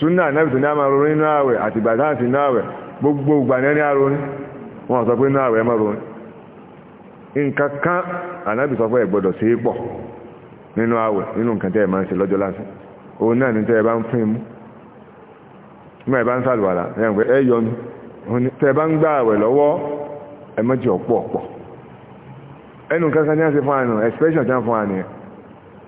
súnà na ní a máa ronú inú ààwẹ̀ àti inú gbogbo ìgbànẹ́ ní aroní wọ́n sọ pé inú ààwẹ̀ máa ronú nǹkan kan anábìsì sọ pé ẹ gbọ́dọ̀ sí pọ̀ nínú ààwẹ̀ nínú nǹkan tẹ́ ẹ máa ń ṣe lọ́jọ́ lásán òun náà ní tẹ́ ẹ bá ń fún imú mọ́ ẹ bá ń ẹ yọnu tẹ́ ẹ bá ń ààwẹ̀ lọ́wọ́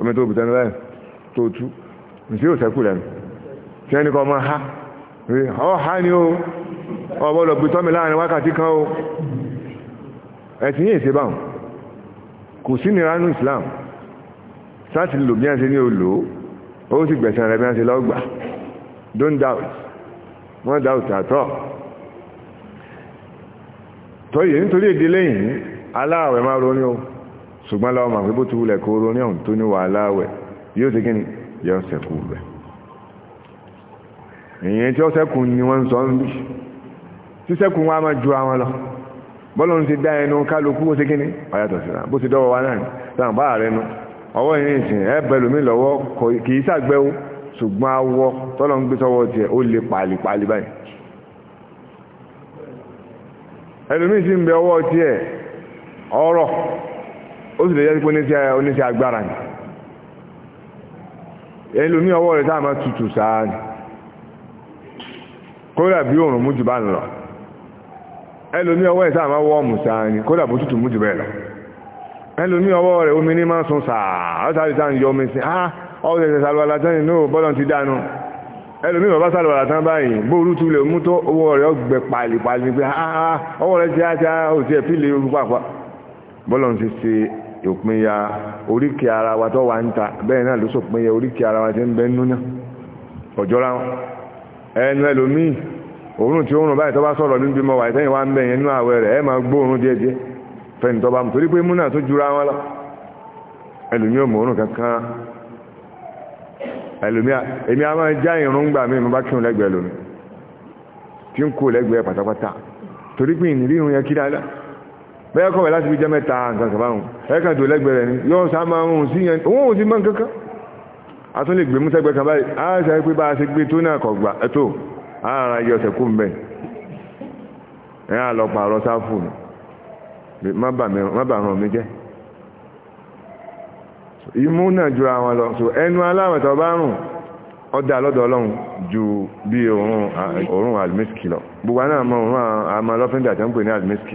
omi tó bùtẹ́nu báyìí tó tú nìsí ò sẹ́kù lẹ́nu tí ẹni kọ́ máa ha rí ọ́ ha ni ó ọ̀bọ̀lọ̀ gbé tọ́mi láàrin wákàtí kan ó ẹ̀sìn yìí ṣe báwọn kò sí ní ránú Islam sáti lò bí ẹn ṣe ní olò ó sì gbẹ̀sẹ̀ rẹ̀ bí ẹn ṣe lọ́gbà don't doubt wọ́n doubt àtọ́ tọ́yẹ̀ nítorí èdè lẹ́yìn aláàwẹ̀ máa ronú ṣùgbọ́n lọ́wọ́ màá pé bó ti wulẹ̀ kó ronú ọ̀hún tó ní wàhálà wẹ̀ yóò ti kíni yóò sẹ́kù rẹ̀ èyàn tí ó sẹ́kù ni wọ́n ń sọ ń bí tí sẹ́kù wọn a máa ju àwọn lọ bọ́lá ń ti dá ẹnu kálukú ó ti kíni ọ̀yàtọ̀ síra bó ti dọ́wọ́ wa náà sáà bá rẹ nu ọwọ́ yìí nìsín ẹ bẹ lómi lọ́wọ́ kì í sàgbẹ́ ṣùgbọ́n awọ tọ́lọ́ ń gbé sọ́wọ́ tiẹ̀ ó lè pàlìpàlì báyìí ẹlòmíì sì ń bẹ ọwọ́ tiẹ̀ ọ̀rọ̀ sì lè jẹ́ pé oníṣẹ́ agbára ni ẹlòmí ọwọ́ rẹ̀ táà máa tutù sáà ni kódà bí òòrùn mú jù bá ń lọ ẹlòmí ọwọ́ rẹ̀ táà máa wọ́ọ̀mù sáà ni kódà bó tutù mú jù bẹ́ẹ̀ lọ ẹlòmí ọwọ́ rẹ̀ omi ní máa sun sáà látàrí táà ń yọ omi sí ah ọwọ́ rẹ̀ sàlùwàlà tán ni náà bọ́lọ̀ ti dánu ẹlòmí bàbá sàlùwàlà tán báyìí bóoru tu lè mú tó ọwọ́ rẹ̀ ọgbẹ pàlìpàlì pé ah, ah, ah, ọwọ́ rẹ̀ ti á ti á ò tiẹ̀ fílẹ̀ orúkọ àpá bọ́lọ̀ ti ṣe ìpínyà oríkì ara wa tó wà ń ta bẹ́ẹ̀ náà ló sòpinyà oríkì ara wa ti ń bẹ ń núná ọ̀jọ́ra wọn ẹnu ẹlòmíì òórùn tí òórùn báyìí tó bá sọ̀rọ̀ níbi mọ́ wà ìtẹ́yìn wá ń bẹ̀yẹn nínú àwẹ̀ rẹ̀ ẹ máa gbóòórùn díẹ̀ díẹ̀ fẹ́ni tó bá mú torí pé múnà tó jura wọn lọ ẹlòmíì òmò òórùn kankan ẹlòmíì èmi a máa já irun gbà mí mo bá kírun lẹ́gbẹ̀ẹ́ lómi tí ń kó lẹ́gbẹ̀ẹ́ pátápátá torí pé ìnírí irun yẹn kí dáadáa bẹ́ẹ̀ kọ̀wé láti fi jẹ́ mẹ́ta nǹkan kan báwọn ẹ̀ka tó lẹ́gbẹ̀ẹ́ rẹ̀ ni yóò sá máa ń sí yẹn òun ò sí máa ń kankan a tún lè gbé mú sẹ́gbẹ̀ẹ́ kan báyìí a ṣe pé bá a ṣe gbé tó náà kọ̀ gbà ẹ̀tọ́ ara yọ ọ̀sẹ̀ kú mbẹ́ ẹ̀ á lọ pààrọ̀ sáfù má bà ràn mí jẹ́ imú náà ju àwọn lọ so ẹnu aláwẹ̀ tó bá rùn ọdá lọ́dọ̀ ọlọ́run ju bí òórùn àlùmísìkì lọ gbogbo náà mọ òórùn àmọ́ lọ́fíńdà tó ń pè ní àlùmísìkì